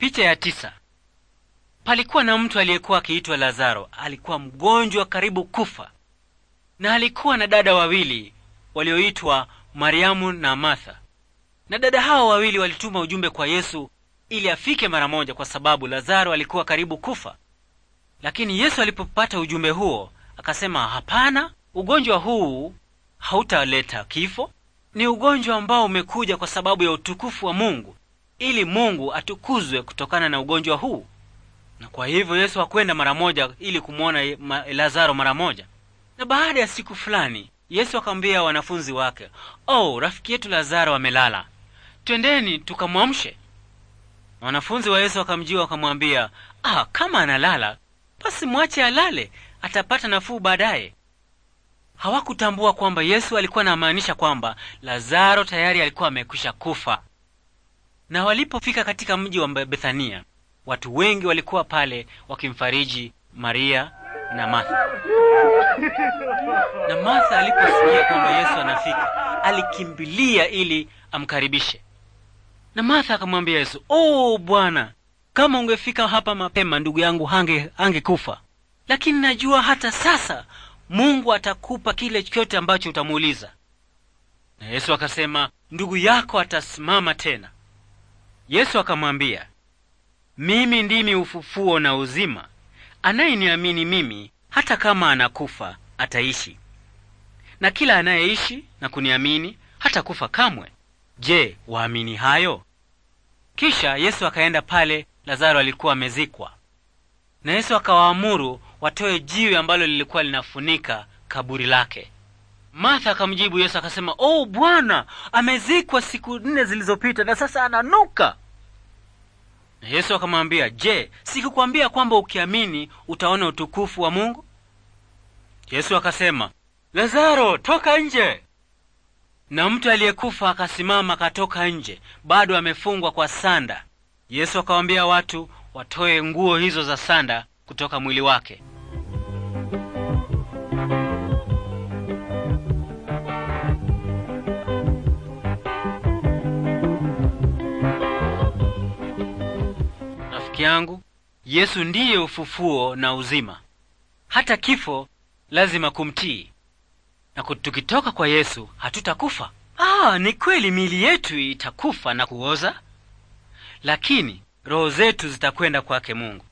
Picha ya tisa. Palikuwa na mtu aliyekuwa akiitwa Lazaro, alikuwa mgonjwa karibu kufa, na alikuwa na dada wawili walioitwa Mariamu na Martha. Na dada hao wawili walituma ujumbe kwa Yesu ili afike mara moja, kwa sababu Lazaro alikuwa karibu kufa. Lakini Yesu alipopata ujumbe huo akasema, hapana, ugonjwa huu hautaleta kifo, ni ugonjwa ambao umekuja kwa sababu ya utukufu wa Mungu ili Mungu atukuzwe kutokana na ugonjwa huu. Na kwa hivyo Yesu hakwenda mara moja ili kumwona Lazaro mara moja. Na baada ya siku fulani, Yesu akamwambia wanafunzi wake, oh, rafiki yetu Lazaro amelala, twendeni tukamwamshe. Wanafunzi wa Yesu wakamjia wakamwambia, ah, kama analala basi mwache alale, atapata nafuu baadaye. Hawakutambua kwamba Yesu alikuwa anamaanisha kwamba Lazaro tayari alikuwa amekwisha kufa. Na walipofika katika mji wa Bethania, watu wengi walikuwa pale wakimfariji Maria na Martha. Na Martha aliposikia kwamba Yesu anafika, alikimbilia ili amkaribishe. Na Martha akamwambia Yesu, "Oh Bwana, kama ungefika hapa mapema ndugu yangu hange angekufa. Lakini najua hata sasa Mungu atakupa kile chochote ambacho utamuuliza." Na Yesu akasema, "Ndugu yako atasimama tena." Yesu akamwambia, mimi ndimi ufufuo na uzima, anayeniamini mimi, hata kama anakufa ataishi, na kila anayeishi na kuniamini hatakufa kamwe. Je, waamini hayo? Kisha Yesu akaenda pale Lazaro alikuwa amezikwa, na Yesu akawaamuru watoe jiwe ambalo lilikuwa linafunika kaburi lake. Martha akamjibu Yesu akasema, o oh, Bwana, amezikwa siku nne zilizopita na sasa ananuka. Na Yesu akamwambia, je, sikukwambia kwamba ukiamini utaona utukufu wa Mungu? Yesu akasema, Lazaro, toka nje. Na mtu aliyekufa akasimama akatoka nje, bado amefungwa kwa sanda. Yesu akawaambia watu watoe nguo hizo za sanda kutoka mwili wake. rafiki yangu, Yesu ndiye ufufuo na uzima. Hata kifo lazima kumtii, na tukitoka kwa Yesu hatutakufa. Ah, ni kweli miili yetu itakufa na kuoza, lakini roho zetu zitakwenda kwake Mungu.